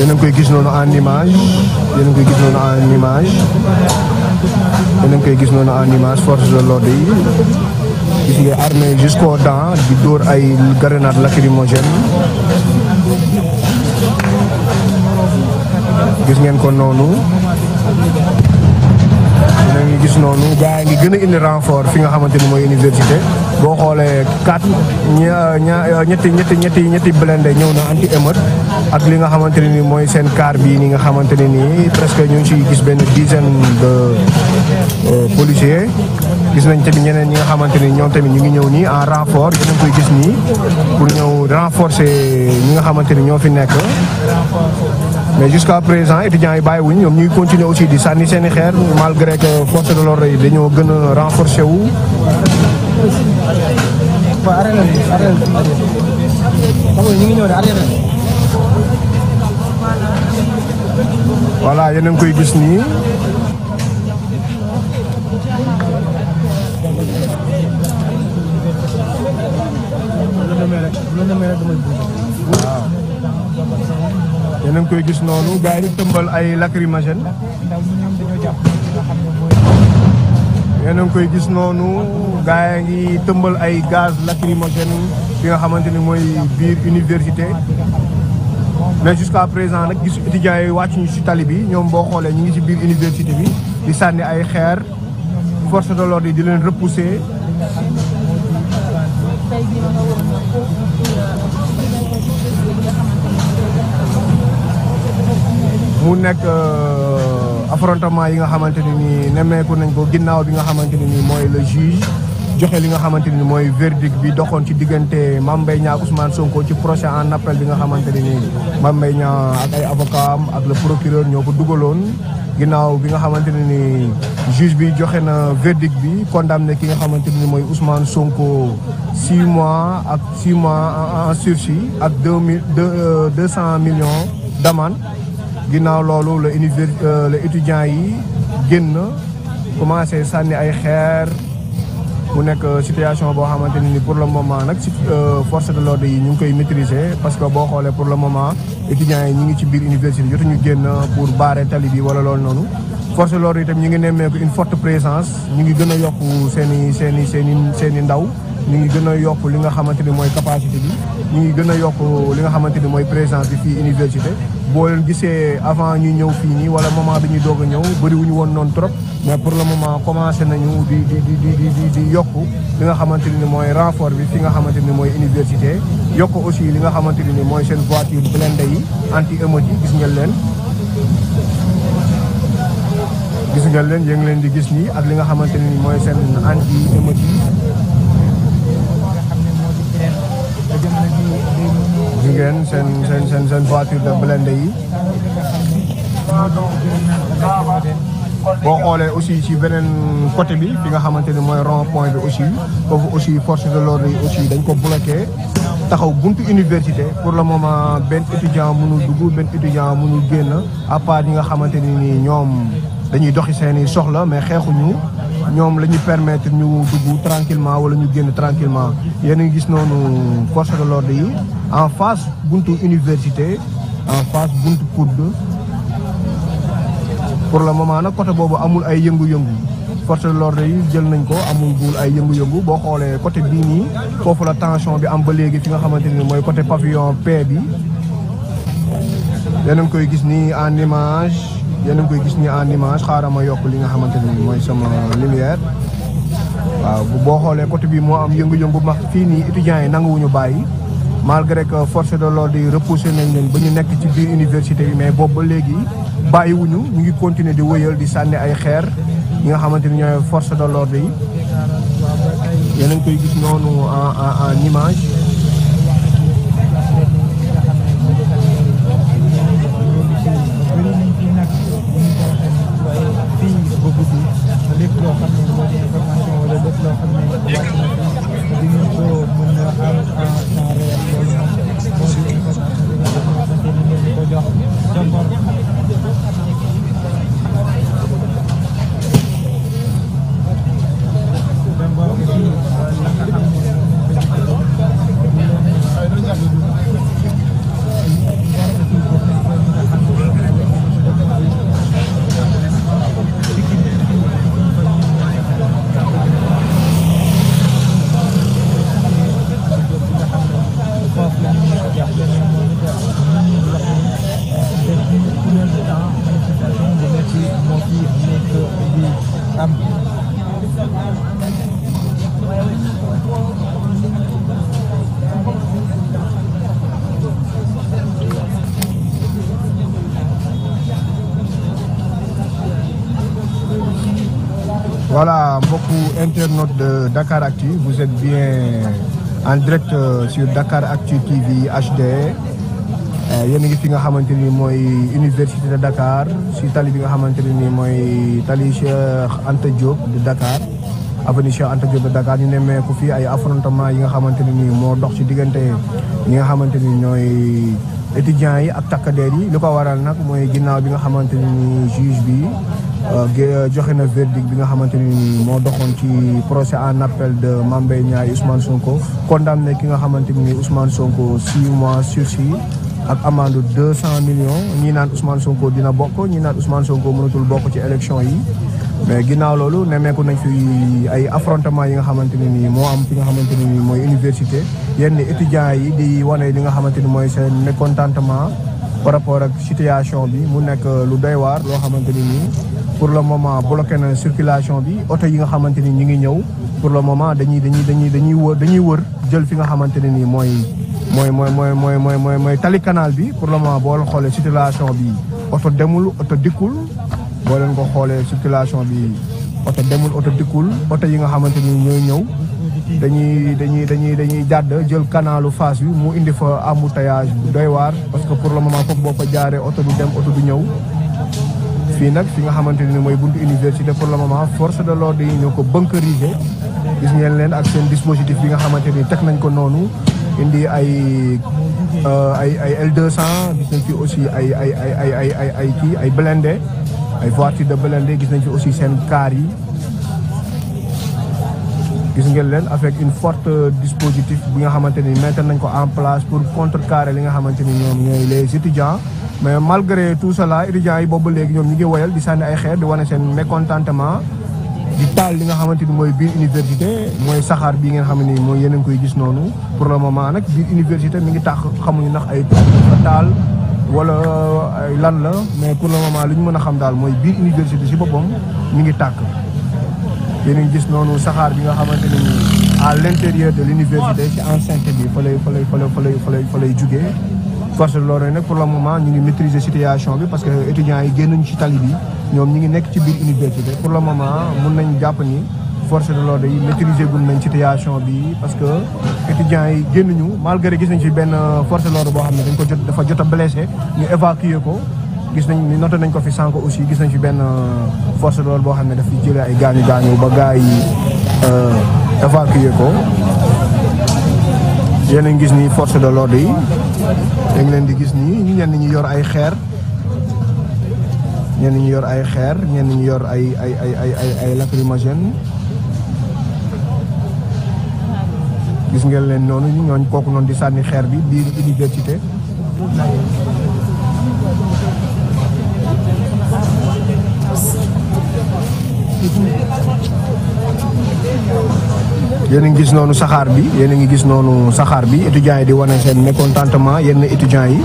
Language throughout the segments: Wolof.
yéen a koy gis noonu en image yéen a ngi koy gis noonu en image yéen koy gis noonu en image force de l'ordre yi gis nga armée jusqu'aux dents di dóor ay grenade lacrymogène gis ngeen ko noonu ngi gis noonu gars yi ngi gën a indi renfort fi nga xamante ni mooy université boo xoolee quatre ña ñetti ñetti ñetti ñetti blindé ñëw na anti émeute ak li nga xamante ne ni mooy seen car bii ni nga xamante ne nii presque ñu ngi ciy gis benn dizaine de euh, policiers gis nañ tamit ñeneen ñi nga xamante ñoom tamit ñu ngi ñëw nii en renfort yéen koy gis nii pour ñëw renforcer ñi nga xamante ñoo fi nekk mais jusqu'à présent étudiants yi bàyyi wuñ ñoom ñuy continuer aussi di sànni seen i xeer malgré que force de l'ordre yi dañoo gën a renforcer wu voilà yéen a ngi koy gis nii Wow yéen a ngi koy gis noonu gars yi di tëmbal ay lacrymogène yéen a ngi ya? ya, koy gis noonu gars yi ngi tëmbal ay gaz lacrymogène fi nga xamante ni mooy biir université mais jusqu'à présent nag gisu étudiants yi wàccuñu ci tali bi ñoom boo ñu ngi ci biir université bi di sànni ay xeer force de l'ordre yi di leen repousser mu nekk euh, affrontement yi nga xamante ne nii nemmeeku nañ ko ginnaaw bi nga xamante ne nii mooy le juge joxe li nga xamante ni nii mooy verdict bi doxoon ci diggante Mame Mbaye Niang Ousmane Sonko ci procès en appel bi nga xamante ne nii Mame Mbaye ak ay avocat ak le procureur ñoo ko dugaloon. ginnaaw bi nga xamante ne nii juge bi joxe na verdict bi condamné ki nga xamante ni nii mooy Ousmane Sonko six mois ak six mois en sursis ak deux mille deux euh, cent millions d'amende ginnaaw loolu la univers euh, la étudiants yi génn commencé sànni ay xeer mu nekk euh, situation boo xamante ne ni pour le moment nag si euh, force de l'ordre yi ñu ngi koy maîtriser parce que boo xoolee pour le moment étudiants yi ñu ngi ci biir université ñu génn pour barrer tali bi wala loolu noonu. force de l'ordre yi tam ñu ngi nemmeeku une forte présence ñu ngi gën a yokk seen i seen i seeni ndaw ñu ngi gën a yokk li nga xamante ni mooy capacité bi ñu ngi gën a yokk li nga xamante ni mooy présence bi fii université. boo leen gisee avant ñuy ñëw fii nii wala moment bi ñuy doog a ñëw bëri woon noonu trop mais pour le moment commencé nañu di di di di di di yokk li nga xamante ni mooy renfort bi fi nga xamante ni mooy université yokk aussi li nga xamante ni mooy seen voiture blindé yi anti émeute yi gis ngeen leen gis ngeen leen yéen leen di gis nii ak li nga xamante ni mooy seen anti émeute yi ngeen seen seen seen seen voiture de blindé yi boo xoolee aussi ci beneen côté bi bi nga xamante ni mooy rond point bi aussi foofu aussi force de l'ordre yi aussi dañ ko bloqué taxaw buntu université pour le moment benn mu mënul dugg benn mu mënul génn à part ñi nga xamante ni nii ñoom dañuy doxi seeni soxla mais xeexuñu ñoom la ñu permettre ñu dugg tranquillement wala ñu génn tranquillement yéen a gis noonu force de l'ordre yi en face buntu université en face buntu poudre pour le moment nag côté boobu amul ay yëngu-yëngu force de l'ordre yi jël nañ ko amul gul ay yëngu-yëngu boo xoolee côté bii nii foofu la tension bi am ba léegi fi nga xamante ni mooy côté pavillon P bi yéen a ngi koy gis nii en image yéen a koy gis nii en image xaaral ma li nga xamante ni sama lumière waaw boo xoolee côté bii moo am yëngu-yëngu max fii nii étudiants yi nanguwuñu bàyyi malgré que force de l'ordre yi repoussé nañ leen ba ñu nekk ci biir université bi mais boobu ba léegi bàyyiwuñu ñu ngi continuer di wëyal di sànni ay xeer ñi nga xamante ni ñooy force de l'ordre yi yéen a ngi koy gis noonu en en en image. internautes de Dakar Actu, vous êtes bien en direct euh, sur Dakar Actu TV HD. Euh, yéen a ngi fi nga xamante ni mooy université de Dakar si tali bi nga xamante ni mooy tali Cheikh Anta Diop de Dakar avenue Cheikh Anta Diop de Dakar ñu nemmeeku fii ay affrontement yi nga xamante ne nii moo dox ci diggante ñi nga xamante ni ñooy étudiants yi ak takkadeer yi li ko waral nag mooy ginnaaw bi nga xamante ni juge bi. Euh, euh, joxe na verdict bi nga xamante ni moo doxoon ci procès en appel de Mame Mbaye Niang Ousmane Sonko condamné ki nga xamante ni Ousmane Sonko six mois sursis ak amende deux cent millions ñi naan Ousmane Sonko dina bokk ñi naan Ousmane Sonko mënatul bokk ci élection yi mais ginnaaw loolu nemmeeku nañ fi ay affrontement yi nga xamante ne nii moo am fi nga xamante ne nii mooy université yenn étudiants yi di wane li nga xamante ni mooy seen mécontentement par rapport ak situation bi mu nekk lu doy waar loo xamante ni nii pour le moment bloqué na circulation bi oto yi nga xamante ni ñu ngi ñëw pour le moment dañuy dañuy dañuy dañuy wër dañuy wër jël fi nga xamante ne nii mooy mooy mooy mooy mooy mooy mooy mooy tali bi pour le moment boo xoolee circulation bi oto demul oto dikkul boo leen ko xoolee circulation bi oto demul oto dikkul oto yi nga xamante ni ñooy ñëw dañuy dañuy dañuy dañuy jàdd jël canalu Fass bi mu indi fa embouteillage bu doy waar parce que pour le moment foofu boo ko jaaree oto du dem oto du ñëw fii nag fi nga xamante ni mooy buntu université pour le moment force de l'ordre yi ñoo ko bunkeriser gis ngeen leen ak seen dispositif bi nga xamante ni teg nañ ko noonu indi ay ay ay L200 gis nañ fi aussi ay ay ay ay ay ay ay kii ay blindé ay voiture de blindé gis nañ fi aussi seen car yi gis ngeen leen avec une forte dispositif bi nga xamante ni mettre nañ ko en place pour contrecarrer li nga xamante ni ñoom les étudiants mais malgré tout cela étudiants yi boobu léegi ñoom ñu ngi woyal di sànni ay xeer di wane seen mécontentement di taal li nga xamante ni mooy biir université mooy saxaar bii nga xam ne mooy yéen a koy gis noonu pour le moment nag biir université mi ngi tax xamuñu ndax ay taal wala lan la mais pour le moment li ñu mën a xam daal mooy biir université si boppam mi ngi tàkk yéen gis noonu saxaar bi nga xamante ni à l'intérieur de l'université ci enceinte bi fa lay fa lay fa lay fa lay fa lay jugee force de l'ordre nag pour le moment ñu ngi maîtriser situation bi parce que étudiants yi génnuñu ci tali bi ñoom ñu ngi nekk ci biir université pour le moment mun nañu jàpp ni force de l'ordre yi maîtriser gun nañ situation bi parce que étudiants yi génnuñu malgré gis nañ ci benn force de l'ordre boo xam ne dañ ko jot dafa jot a blessé ñu évacuer ko gis nañ noté nañ ko fi sànq aussi gis nañ ci benn euh, force de l'ordre boo xam ne daf jëlee ay gaañu gaañu ba gars yi euh, évacuer ko yéen a ngi ni force de l'ordre yi yaa ngi leen di gis nii ñu ñenn ñi yor ay xeer ñenn ñi yor ay xeer ñenn ñi yor ay ay ay ay ay ay lacrymogène gis ngeen leen noonu ñooñ kooku noonu di sànni xeer bi biir université Thank you. yéen a ngi gis noonu saxaar bi yéen a ngi gis noonu saxaar bi étudiants yi di wane seen mécontentement yenn étudiants yi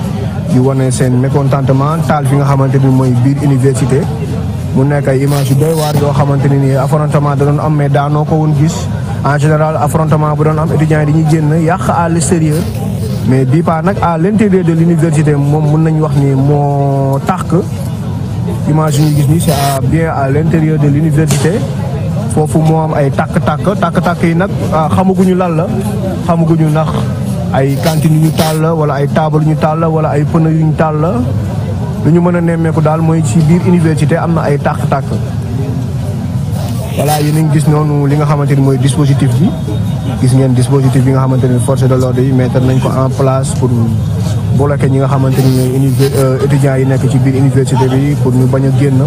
di wane seen mécontentement taal fi nga xamante ni mooy biir université mu nekk ay image yu doy waar yoo xamante ne nii affrontement da doon am mais daanoo ko woon gis en général affrontement bu doon am étudiants yi dañuy génn yàq à l'extérieur mais bii pas nag à l'intérieur de l'université moom mën nañ wax ni moo tax que image yi ñu gis nii bien à l'intérieur de l'université Fofu moo am ay tàkk-tàkk tàkk-tàkk yi nag ah, lan la xamaguñu ndax ay cantine ñu taal wala ay taabal ñu taal wala ay pneu yu ñu taal la lu ñu mën a nemmeeku ci biir université am na ay tàkk-tàkk voilà yéen a gis li nga dispositif bi gis ngeen dispositif bi nga force de l'ordre yi mettre nañ ko en place pour bloquer ñi nga xamante ni ñooy euh, étudiants yi nekk ci biir université bi pour ñu génn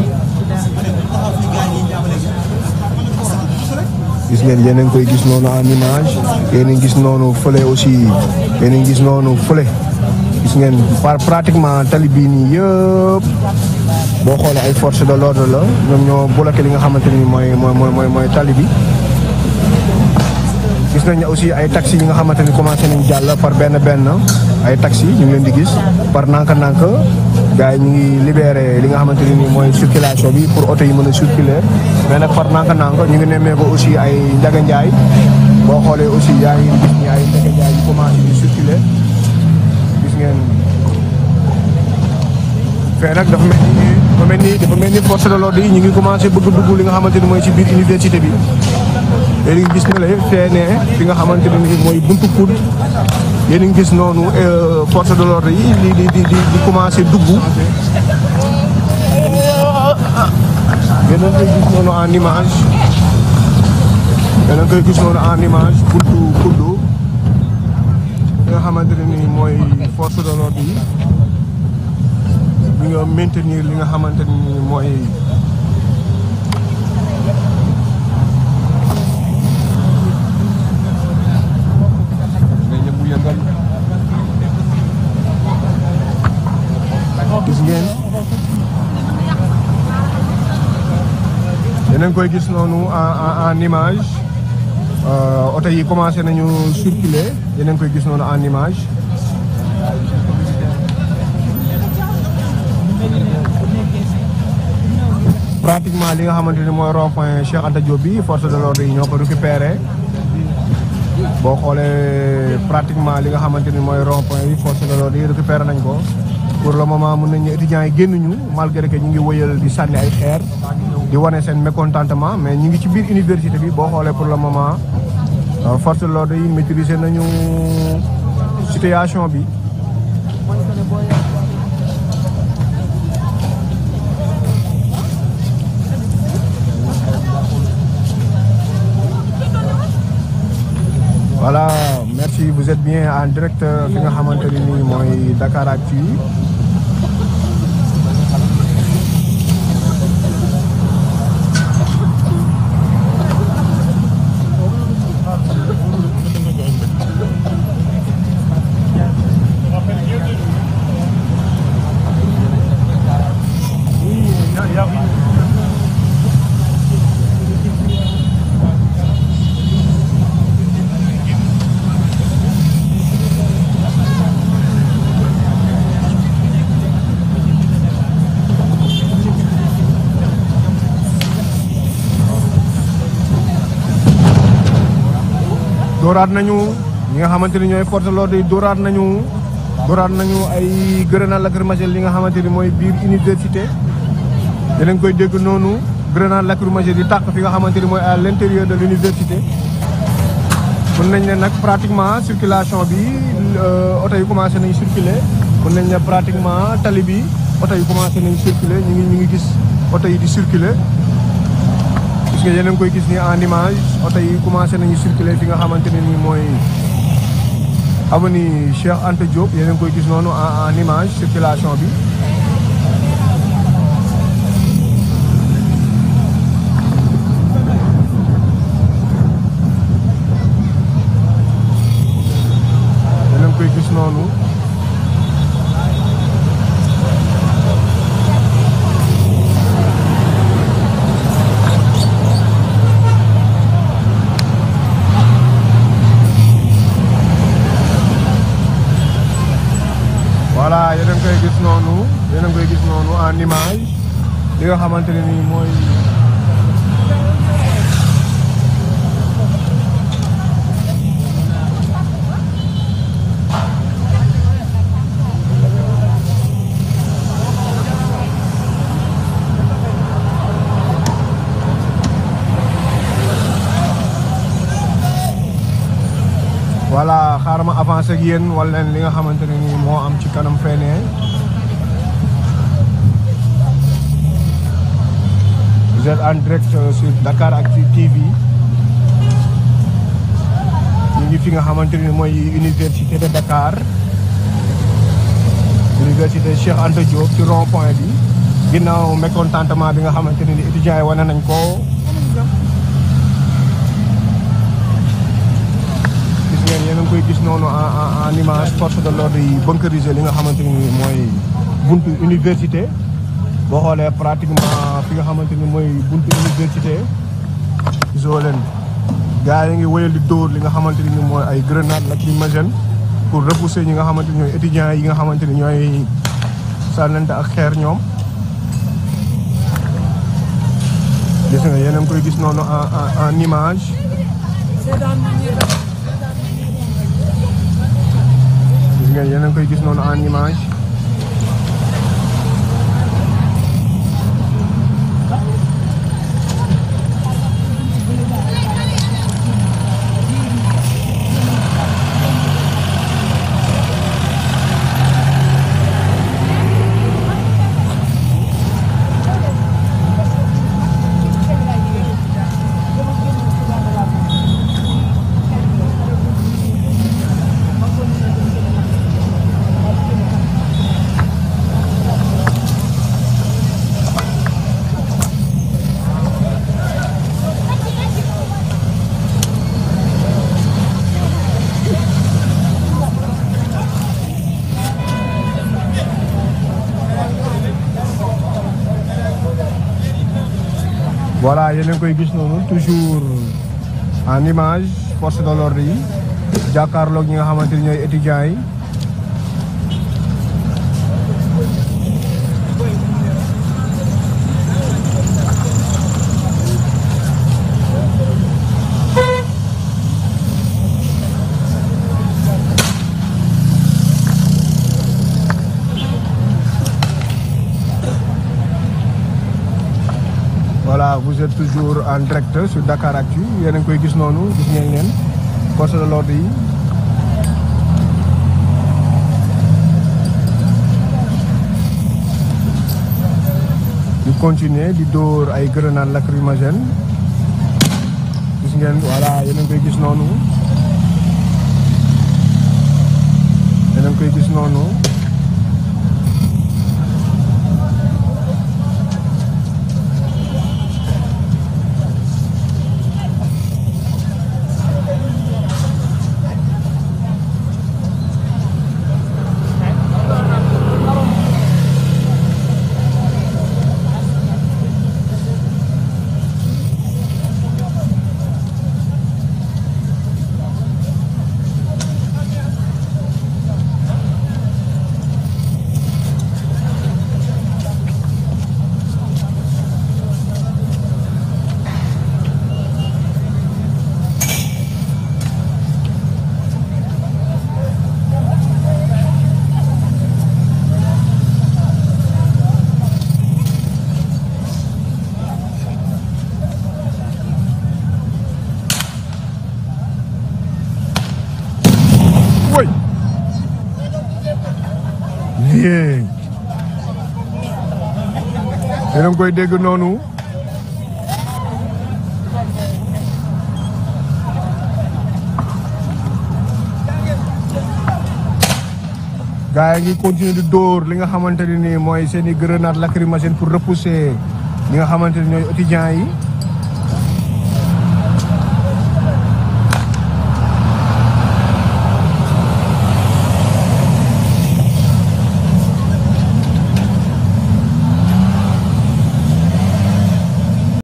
gis ngeen yéen a ngi koy gis noonu en image yéen a gis noonu fële aussi yéen gis noonu fële gis ngeen par pratiquement tali bii nii yëpp boo xoolee ay force de l'ordre la ñoom ñoo bloqué li nga xamante ni mooy mooy mooy mooy tali bi. gis nañ aussi ay taxi yi nga xamante ni commencé nañ jàll par benn benn ay taxi ñu ngi leen di gis par nank-nank. gars yi ñu ngi libéré li nga xamante ni nii mooy circulation bi pour oto yi mën a circuler mais nag par nanka nanka ñu ngi nemmee ko aussi ay njaga njaay boo xoolee aussi yaa ngi gis ñi ay njaga njaay yu gis ngeen fee nag dafa mel ni ni dafa mel ni force de l'ordre yi ñu ngi commencé bëgg dugg li nga xamante ni mooy ci biir université bi léegi gis na la fee ne nga xamante mooy buntu Pout yéen a ngi gis noonu euh, force de l'ordre di di di di commencé dugg yéen noonu en image yéen a gis noonu en image kuddu kuddu nga xamante ne ni mooy force de l'ordre yi ñu li nga xamante ni mooy. yéen koy gis noonu en en image oto euh, yi commencé nañu circuler yéen koy gis noonu en image. pratiquement li nga xamante ni mooy rond point Cheikh Anta Diop bi force de l'ordre yi ñoo ko récupéré boo xoolee pratiquement li nga xamante ni rond point yi force de l'ordre yi nañ ko pour le moment nañu étudiants yi malgré que ñu ngi di sànni ay xeer. di wane seen mécontentement mais ñu ngi ci biir université bi boo xoolee pour le moment euh, force de l'ordre yi maîtriser nañu situation bi. voilà merci vous êtes bien en directeur fi nga xamante ni mooy Dakaractu dóoraat nañu ñi nga xamante ni ñooy force l'ordre yi dóoraat nañu dóoraat nañu ay grenade lacrymogène li nga xamante ni mooy biir université dinañ koy dégg noonu grenade lacrymogène yi tàq fi nga xamante ni mooy à l'intérieur de l'université mën nañ ne nag pratiquement circulation bi euh, oto yi commencé nañ circuler mën nañ ne pratiquement tali bi oto yi commencé nañ circuler ñu ngi ñu ngi gis oto yi di circuler parce que yéen a koy gis ni en image oto yi commencé nañu circuler fi nga xamante ne nii mooy avenue Cheikh ante Diop yéen ngi koy gis noonu en image circulation bi. xamante ne nii mooy voilà xaaral ma avancé ak yéen wala leen li nga xamante ne nii moo am ci kanam fenee Vous en direct euh, sur Dakaractu TV ñu ngi fi nga xamante ni mooy université de Dakar université Cheikh Anta Diop ci rond point bi ginnaaw mécontentement bi nga xamante ni étudiants yi wane nañ ko. gis ngeen yéen a koy gis noonu en en image force de l'ordre yi bunkeriser li nga xamante ni mooy buntu université. boo xoolee pratiquement fi nga xamante ni mooy buntu université gisoo leen gars yi ngi wëyal di dóor li nga xamante ni mooy ay grenade lacrymogène pour repousser ñi nga xamante ni ñooy étudiants yi nga xamante ni ñooy sànnante ak xeer ñoom gis nga a koy gis noonu en en image gis nga yéen a koy gis noonu en image yéen a koy gis noonu toujours en image force de l'ordre yi jàkkaarloog ñi nga xamante ni ñooy étudiants yi. vous êtes toujours en direct sur Dakar Actu yéen a ngi koy gis noonu gis ngeen leen force de l'ordre yi di continuer di door ay grenade lacrymogène gis ngeen voilà yéen a ngi koy gis nonu. yéen ngi koy gis noonu yéen a koy dégg noonu gaa yi ngi continuer di door li nga xamante ne nii mooy seen i grenade lacrymogène pour repousser ñi nga xamante ne ñooy étudiants yi